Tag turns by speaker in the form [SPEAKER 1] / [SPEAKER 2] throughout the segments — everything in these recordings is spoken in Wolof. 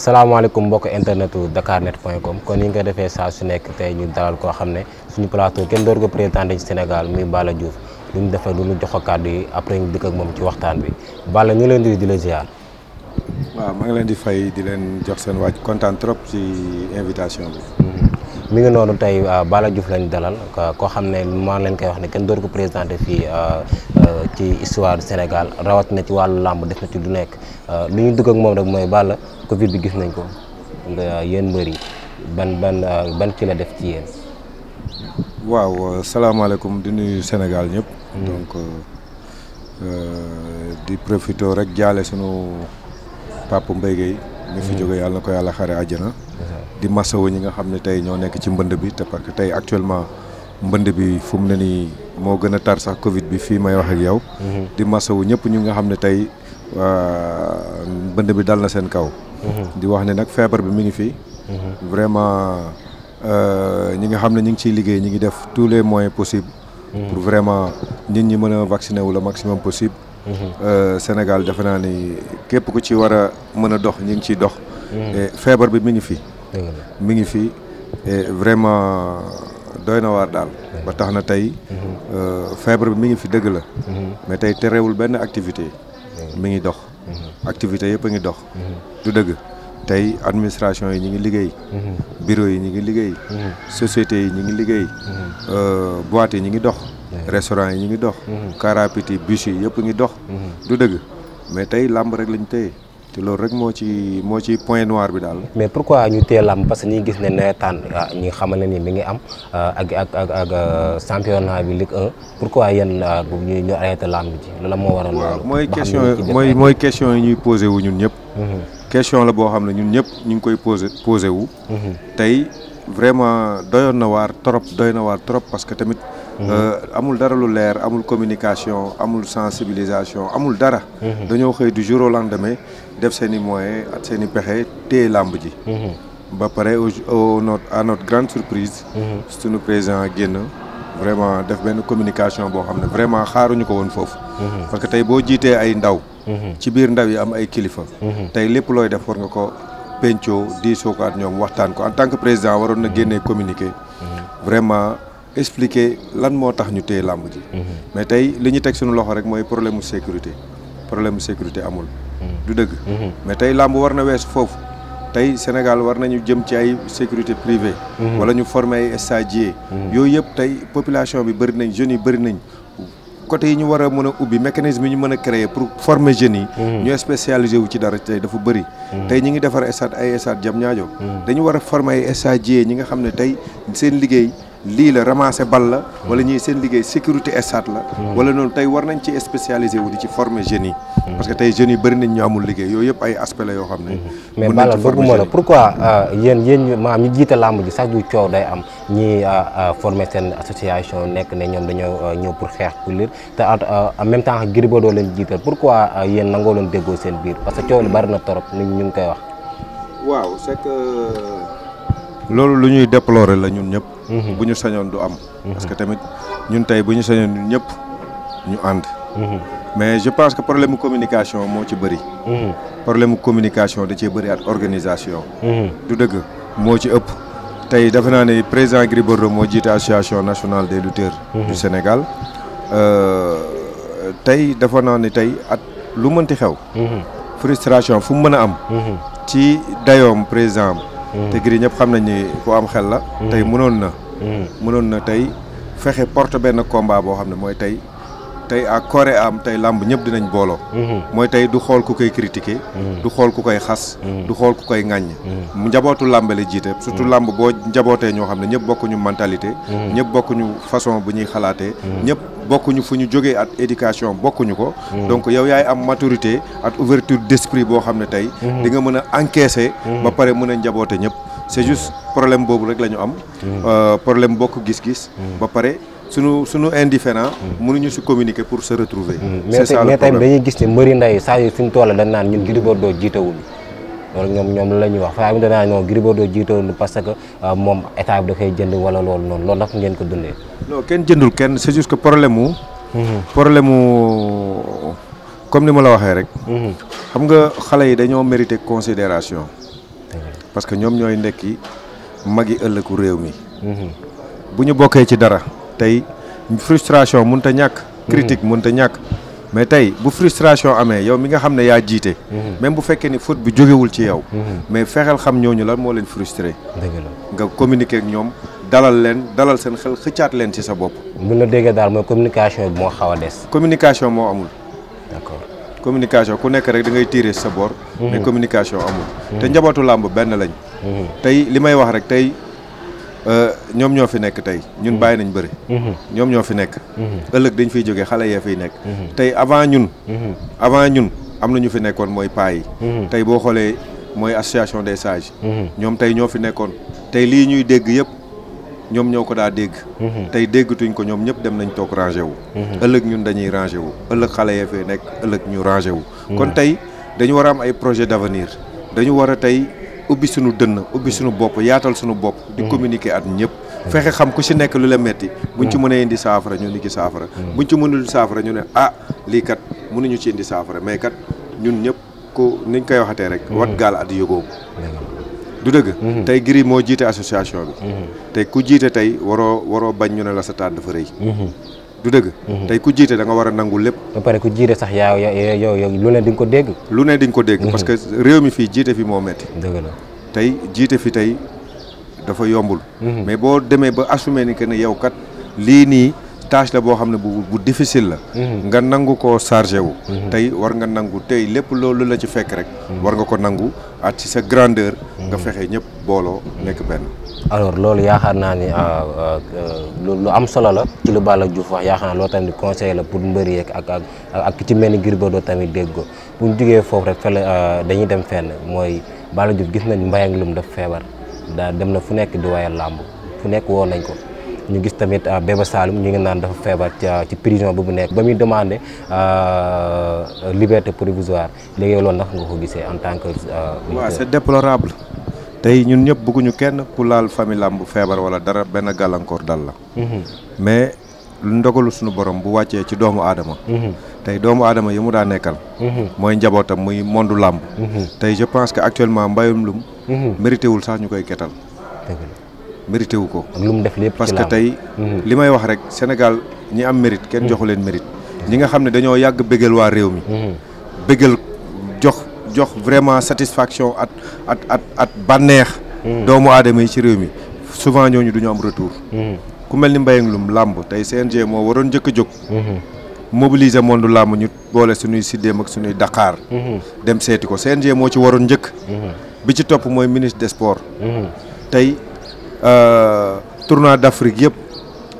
[SPEAKER 1] salaamaaleykum mbokk internetu dakarnet.com kon ni nga ko defee saa su nekk tey ñu dalal koo xam ne suñu plateau kenn door ko présenté ci Sénégal muy Balla Diouf lu ñu defee lu ñu jox ko kàddu yi après ñu dikk ak moom ci waxtaan bi bala ñu leen di di la ziar. waaw maa ngi leen di fay di leen jox seen wàcc kontaan trop ci invitation bi. mi ngi noonu tey euh, bala Diouf lañ dalal koo xam ne maa leen koy wax ne kenn dootu ko présenté fii euh, euh, ci histoire du Sénégal rawatina ci wàllu làmb def na ci du nekk lu ñu dugg ak moom rek mooy Balla Covid bi gis nañ ko nga yéen mbër yi ban ban ban kii la def ci yéen. waaw salaamaaleykum di nuyu Sénégal ñëpp. Mm. donc
[SPEAKER 2] di profité rek jaale sunu papa Mbaye Guèye. ñu mm. fi jóge yàlla ko yàlla xare àjjana. Mm. di masawo ñi nga xam ne tey ñoo nekk ci mbënd bi te parce que tey actuellement mbënd bi fu mu ne nii moo gën a tar sax Covid bi fii may wax ak yow. Mhm. di masawu ñëpp ñu nga xam ne tey mbënd bi dal na seen kaw. Mhm. di wax ne nag feebar bi mi ngi fii mhm. vraiment euh, ñi nga xam ne ñu ngi ciy liggéey ñi ngi def tous les moyens possibles. pour vraiment nit ñi mën a vacciner wu le maximum possible. Euh, Sénégal defe naa ni képp ku ci war a mën a dox ñu ngi ciy dox. feebar bi mi ngi fii mi ngi fi vraiment doy na waar daal. ba tax na tey. Mhm. Euh, feebar bi mi ngi fi dëgg la. Mhm. mais tey terewul benn activité. mi ngi dox. Mhm. activité yëpp a ngi dox. du dëgg tey administration yi ñu ngi liggéey. bureau yi ñu ngi liggéey. société yi ñu ngi liggéey. Euh, boîte yi ñu ngi dox. restaurant yi ñu ngi dox. car rapide yi bus yëpp ngi dox. du dëgg mais tey làmb rek lañ téye. te loolu rek moo
[SPEAKER 1] ci moo ci point noir bi daal. mais quoi ñu teel am parce que ñi gis ne nawetaan ah, ñi nga xamal ne ni mi ngi am ah, ak ak ak ak ah, championnat bi Ligue 1 pourquoi yéen ñu ñu arrêté làmb ji lan moo waral. waaw mooy question mooy mooy
[SPEAKER 2] question yi ñuy posé wu ñun ñëpp. Mhm. question la boo xam ne ñun ñëpp ñu ngi koy posé posé wu. Mhm. tey vraiment doyoon na waar trop doy na waar trop parce que tamit. Euh, amul dara lu leer amul communication amul sensibilisation amul dara. Mhm. dañoo xëy du jour au lendemain def seen i moyens ak seen i pexe téye làmb ji. Mhm. ba pare au notre à not grande surprise. Mhm. sunu président génn vraiment def benn communication boo xam ne vraiment xaaruñu ko woon foofu. parce que tey boo jiitee ay ndaw. ci biir ndaw yi am ay kilifa. tey lépp looy def war nga ko pencoo diisoo ko at ñoom waxtaan ko en tant que président waroon na génnee communiqué. vraiment. expliqué lan moo tax ñu téye làmb ji. Mhm. mais tey li ñu teg suñu loxo rek mooy problème mu sécurité problème mu sécurité amul. Mhm. du dëgg. Mhm. mais tey làmb war na weesu foofu tey Sénégal war nañu jëm ci ay sécurité privée. wala ñu forme ay stagiaires. yooyu yëpp tey population bi bëri nañ jeunes yi bëri nañ. côté yi ñu war a mën a ubbi mécanisme yi ñu mën a créer pour former jeunes yi ñu spécialisé wu ci dara tey dafa bëri tey ñi ngi defar stade ay stade jam ñaajo dañu war a former ay stagiaires ñi nga xam ne tey seen liggéey lii la ramasser bal la hmm. wala ñuy seen liggéey sécurité état la hmm. wala noonu tey war nañ ci spécialisé wu di ci former jeunes yi hmm. parce que tey jeunes yi bëri nañ ñu amul liggéey yooyu yëpp ay aspect la yoo
[SPEAKER 1] xam ne mais Balla bëgguma la pourquoi euh, yéen yéen maam ñi jiite làmb ji sax du coow day am ñi euh, euh, former seen association nekk ne ñoom dañoo ñëw pour xeex pour lire te en même temps Gris Bordeaux leen jiital pourquoi yéen nangoo leen déggoo seen biir parce que coow li na torop ñu ngi koy
[SPEAKER 2] wax loolu lu ñuy déplorer la ñun ñëpp. Mhm. bu ñu sañoon du am. Mhm. parce que tamit ñun tey bu ñu sañoon ñun ñëpp ñu ànd. Mhm. mais je pense que problème communication moo ci bëri. problème communication da cee bëri at organisation. du dëgg moo ci ëpp. tey defe naa ni président Gris Bordeaux moo jiite association nationale des lutteurs. du Sénégal euh, tey defe naa ne tey at lu mënti xew. frustration fu mën a am. ci dayoom président te Gris ñëpp xam nañ ni ku am xel la. Mm. tey mënoon na. Mm. mënoon na tey fexe porte benn combat boo xam ne mooy tey. tey à Corée am tey làmb ñëpp dinañ booloo. Mhm. mooy tey du xool ku koy critiquer. Mhm. du xool ku koy xas. Mhm. du xool ku koy ŋàññ. mu njabootu làmb la jiite surtout làmb boo njabootee ñoo xam ne ñëpp bokkuñu mentalité. ñëpp bokkuñu façon bu ñuy xalaatee. ñëpp bokkuñu fu ñu jógee ak éducation bokkuñu ko. donc yow yaay am maturité ak ouverture d'esprit boo xam ne tey. di nga mën a encaisser. ba pare mën a njaboote ñëpp. c'est juste problème boobu rek lañu am. Euh, problème bok gis-gis. ba suñu suñu indifférent mënuñu si communiqué pour se retrouver mm. c'est ça mais tamit dañuy gis ne mbëri ndaw yi saa
[SPEAKER 1] yu suñu tool dañ naan ñun Gris Bordeaux jiitawuñu loolu ñoom ñoom la ñuy wax faa mu danaa ñoom Gris Bordeaux jiitawuñu parce que euh, moom état bi da koy jënd wala loolu noonu loolu nag ngeen ko dundee
[SPEAKER 2] non kenn jëndul kenn c'est juste que problème mu
[SPEAKER 1] mm-hmm.
[SPEAKER 2] problème mu comme ni ma la waxee rek mm-hmm. xam nga xale yi dañoo mérité considération parce que ñoom ñooy nekki magi ëllëgu réew mi mm-hmm. ñu bokkee ci dara tey frustration mun ta ñàkk critique mun ta ñàkk mais tey bu frustration amee yow mi nga xam ne yaa jiite mhm. même bu fekkee ni faute bi jógewul ci yow mhm. mais fexeel xam ñooñu lan moo leen frustré nga communiquer ak ñoom dalal leen dalal seen xel xëccaat leen ci sa bopp bu la déggee daal mooy communication bi moo xaw a des communication moo amul d'accord communication ku nekk rek da ngay tirer sa boor mais mhm. communication amul te njabootu làmb benn lañ tey li may wax rek Euh, ñoom ñoo fi nekk tey ñun mm-hmm. bàyyi nañ bëri mm-hmm. ñoom ñoo fi nekk mm-hmm. ëllëg dañ fiy jógee xale yee fiy nekk tey avant ñun avant ñun am na ñu fi nekkoon mooy paa yi tey boo xoolee mooy association de sages ñoom tey ñoo fi nekkoon tey lii ñuy dégg yëpp ñoom ñoo ko daa dégg tey déggatuñ ko ñoom ñëpp dem nañ toog rangé wu ëllëg ñun dañuy rangé wu ëllëg xale yee fiy nekk ëllëg ñu rangé wu kon tey dañu war a am ay projet d'avenir dañu war tey ubbi suñu dënn ubbi suñu bopp yaatal suñu bopp di mm. communiquer at ñëpp mm. fexe xam ku si nekk lu la metti buñ ci mm. mënee indi saafara ñu indi ci saafara buñ ci mënul saafara ñu ne ah lii kat mënuñu ci indi saafara may kat ñun ñëpp ku niñ koy waxatee rek wat gaal at yógoobu du dëgg mm-hmm. tey Gris moo jiite association bi mm-hmm. te ku jiite tey waroo waroo bañ ñu ne la sa taat dafa rëy mm-hmm. du dëgg. Mhm. tey ku jiite da war a
[SPEAKER 1] nangul lépp. ba pare ku jiite sax yaa yow yow lu ne di nga ko dégg.
[SPEAKER 2] lu ne di ko dégg. Mhm. parce que réew mi fii jiite fi moo metti tey jiite fi tey dafa yombul. Mhm. mais boo demee ba assumé ni que ne yow kat lii nii. tâche la boo xam ne bu bu difficile la. Mhm. nga nangu koo chargé wu. Mhm. tey war nga nangu tey lépp loolu la ci fekk rek. Mhm. war nga ko nangu
[SPEAKER 1] at ci sa grandeur. nga fexe ñëpp booloo nekk benn. alors loolu yaakaar naa ni ah, ah, lu am solo la ci lu Balla Diouf wax yaakaar naa loolu tamit conseil la pour mbëri yeeg ak ak ak ci mel ni Gris Bordeaux tamit dégg ko bu ñu jugee foofu rek fële ah, dañuy dem fenn mooy Balla Diouf gis nañ mbayang lum def feebar daal dem na fu nekk di wayal làmb fu nekk woo nañ ko. ñu gis tamit euh, Bébé Saloum ñu ngi naan dafa feebar ci prison bu mu nekk ba muy demandé euh, liberté provisoire léegi loolu nag nga ko gisee en tant que. waaw euh, c'est déplorable tey ñun ñëpp bëgguñu kenn ku laal famille lam bu feebar wala dara
[SPEAKER 2] benn gàllankoor dal la. Mhm. mais ndogalu suñu borom bu wàccee ci doomu aadama. Mhm. tey doomu aadama yi mu daa nekkal. Mhm. mooy njabootam muy mondu làmb. tey je pense que actuellement mbayum lum. mérité wul sax ñu koy ketal. mérité wu ko. lu mu def lépp parce que tey. Mhm. li may wax rek Sénégal ñi am mérite kenn mhm. joxu leen mérite. ñi nga xam ne dañoo yàgg bégal waa réew mi. Mhm. bégal jox jox vraiment satisfaction at at at at bànneex. doomu aadama yi ci réew mi souvent ñooñu du ñu am retour. ku mel ni Mbaye Ngloum làmb tey CNG moo waroon njëkk a jóg. mobiliser monde làmb ñu boole suñuy siddeem ak suñuy daqaar dem seeti ko CNG moo ci waroon njëkk. bi ci topp mooy ministre des tey Euh, tournoi d'Afrique yëpp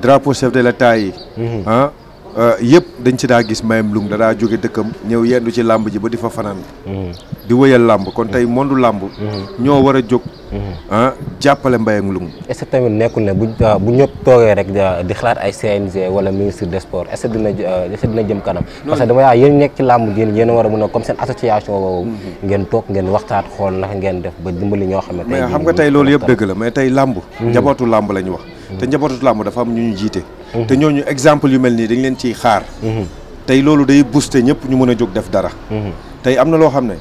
[SPEAKER 2] drapeau chef de l'État yi. Mhm. Ah, Euh, yëpp dañ ci daa gis mayam lung da daa jóge dëkkam ñëw yendu ci làmb ji ba di fa fanaan
[SPEAKER 1] mm-hmm.
[SPEAKER 2] di wëyal làmb kon tey
[SPEAKER 1] mondu làmb mm-hmm. ñoo war a jóg mm-hmm. ah jàppale mbayam lung est-ce que tamit nekkul ne euh, ñëpp toogee rek euh, di xalaat ay CNG wala ministre des sports est-ce que dina est-ce que dina jëm kanam parce que dama yaa yéen nekk ci làmb yéen yéen a war a mën a comme seen association boobu ngeen toog ngeen waxtaat xool ndax ngeen def ba dimbali ñoo xam ne xam nga tey loolu yëpp dëgg la
[SPEAKER 2] mais tey làmb njabootu làmb la ñu wax te njabootu làmb dafa am ñu ñu jiite te ñooñu exemple yu mel nii dañ leen ciy xaar. Mhm. tey loolu day booster ñëpp ñu mën a jóg def dara. Mhm. tey am na loo xam ne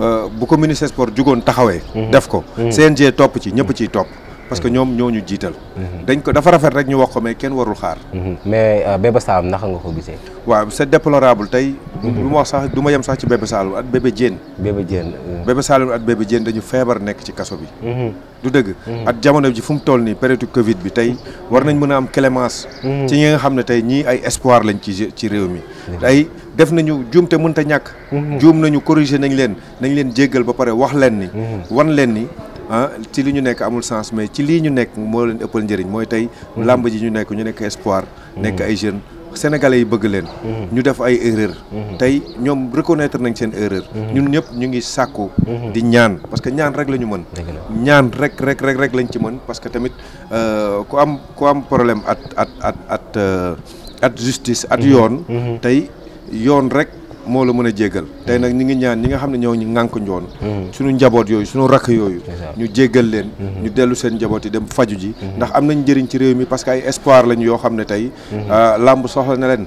[SPEAKER 2] euh, bu ko ministre sport jugoon taxawee. Mhm. def ko CNG topp ci ñëpp ciy topp. parce que ñoom ñoo ñu jiital.
[SPEAKER 3] Mhm. dañ
[SPEAKER 2] ko dafa rafet rek ñu wax ko mais kenn warul xaar. Mhm. mais euh, Bébé Saloum nga ko gisee. waaw c'est déplorable tey. Mhm. du yem sax ci Bébé Saloum at Bébé Diène. Bébé Diène. Euh. Bébé at Bébé Diène dañu feebar nekk ci kaso bi. du dëgg. at jamono ji fu toll nii période Covid bi tey war nañ mën a am clémence. ci ñi nga xam ne tey ñii ay espoir lañ ci ci réew mi. tey def nañu juum te mënta ñàkk. juum nañu corriger nañ leen jéggal ba pare wax leen ni. wan ah ci li ñu nekk amul sens mais ci lii ñu nekk moo leen ëppal njëriñ mooy tey mhm. làmb ji ñu nekk ñu nekk espoir mhm. nekk ay jeunes sénégalais yi bëgg leen mhm. ñu def ay erreur tey ñoom reconnaître nañ seen erreur ñun ñëpp ñu ngi sàkku di ñaan parce que ñaan rek la ñu mën ñaan rek rek rek rek lañ ci mën parce que tamit euh, ku am ku am problème at at at at euh, at justice at yoon tey yoon rek moo la mën a jéggal tey nag ñi ngi ñaan ñi nga xam ne ñoo ñu ŋànk njoon mm-hmm. suñu njaboot yooyu suñu rakk yooyu ñu jéggal leen mm-hmm. ñu dellu seen njaboot yi dem faju ji mm-hmm. ndax am nañ njëriñ ci réew mi parce que ay lañu yoo xam ne tey euh, làmb soxla na leen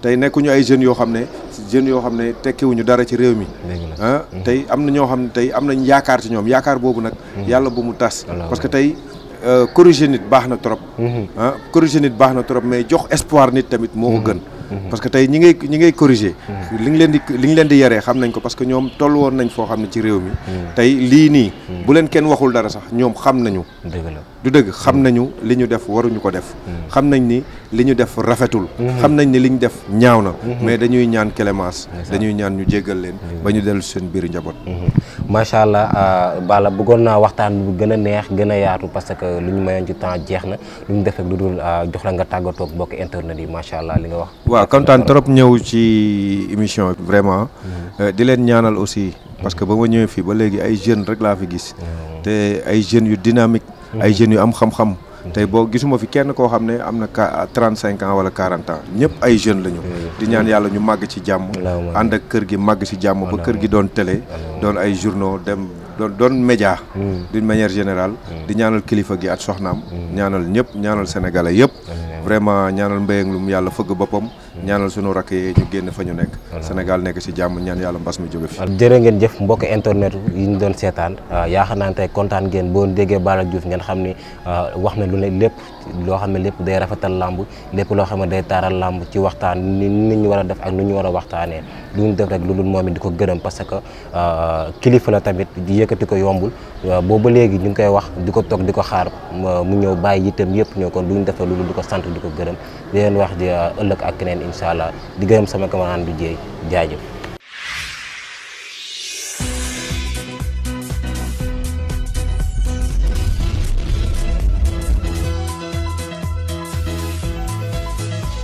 [SPEAKER 2] tey nekkuñu ay jeunes yoo xam ne jeunes yoo xam ne tekkiwuñu dara ci réew mi ah tey am na ñoo xam ne tey am nañ yaakaar ci ñoom yaakaar boobu nag yàlla bu mu tas parce que tey euh, corriger nit baax na trop ah corriger nit baax na trop mais jox espoir nit tamit moo ko gën Mhm. parce que tey ñi ngay ñi ngay corriger mhm. li ñu leen di li ñu leen di yaree xam nañ ko parce que ñoom toll woon nañ foo xam ne ci réew mi mhm. tey lii nii bu leen kenn waxul dara sax ñoom xam nañu du dëgg xam nañu li ñu def waruñu ko def xam nañ ni li ñu def rafetul xam nañ ni li ñu def ñaaw na mais
[SPEAKER 1] dañuy ñaan clémence dañuy ñaan ñu jéggal leen ba ñu dellu seen biir njaboot macha allah euh, Balla bëggoon naa waxtaan bu gën a neex gën a yaatu parce que lu ñu mayoon ci temps jeex na lu ñu def rek lu dul euh, jox la nga tàggatoo ak mbokk yi macha allah li nga
[SPEAKER 2] wax kontaan trop ñëw ci émission bi vraiment mhm. eh, di leen ñaanal aussi parce que ba ma ñëwee fii ba léegi ay jeunes rek laa fi gis mhm. te ay jeunes yu dynamique mhm. ay jeunes yu am xam-xam tey boo gisuma fi kenn koo xam ne am na trente cinq ans wala quarantan ans ñëpp ay jeunes lañu. di ñaan yàlla ñu màgg ci jàmm. ànd ak kër gi màgg ci jàmm ba kër gi doon télé. doon ay journaux dem doon doon média. d'une manière général di ñaanal kilifa gi at soxnaam. ñaanal ñëpp ñaanal sénégalais yëpp. vraiment ñaanal mbéyam lu yàlla fëgg boppam mm. ñaanal sunu rakk
[SPEAKER 1] yi ñu génn fa ñu nekk Sénégal nekk si jàmm ñaan yàlla mbas mi jóge fi jërë ngeen jëf mbokk internet yi ñu doon seetaan yaakaar naa tey kontaan ngeen boo déggee Balla Diouf ngeen xam ni wax na lu ne lépp loo xam ne lépp day rafetal làmb lépp loo xam ne day taaral làmb ci waxtaan ni ni ñu war a def ak nu ñu war a waxtaanee lu ñu def rek lu dul moom it di ko gërëm parce que kilifa la tamit di yëkkati ko yombul booba léegi ñu ngi koy wax di ko toog di ko xaar mu ñëw bàyyi itam yëpp ñëw kon duñ defee lu dul di ko sant di ko gërëm di leen wax di ëllëg ak keneen incha allah di gërëm sama camarade bu jeey jaajëf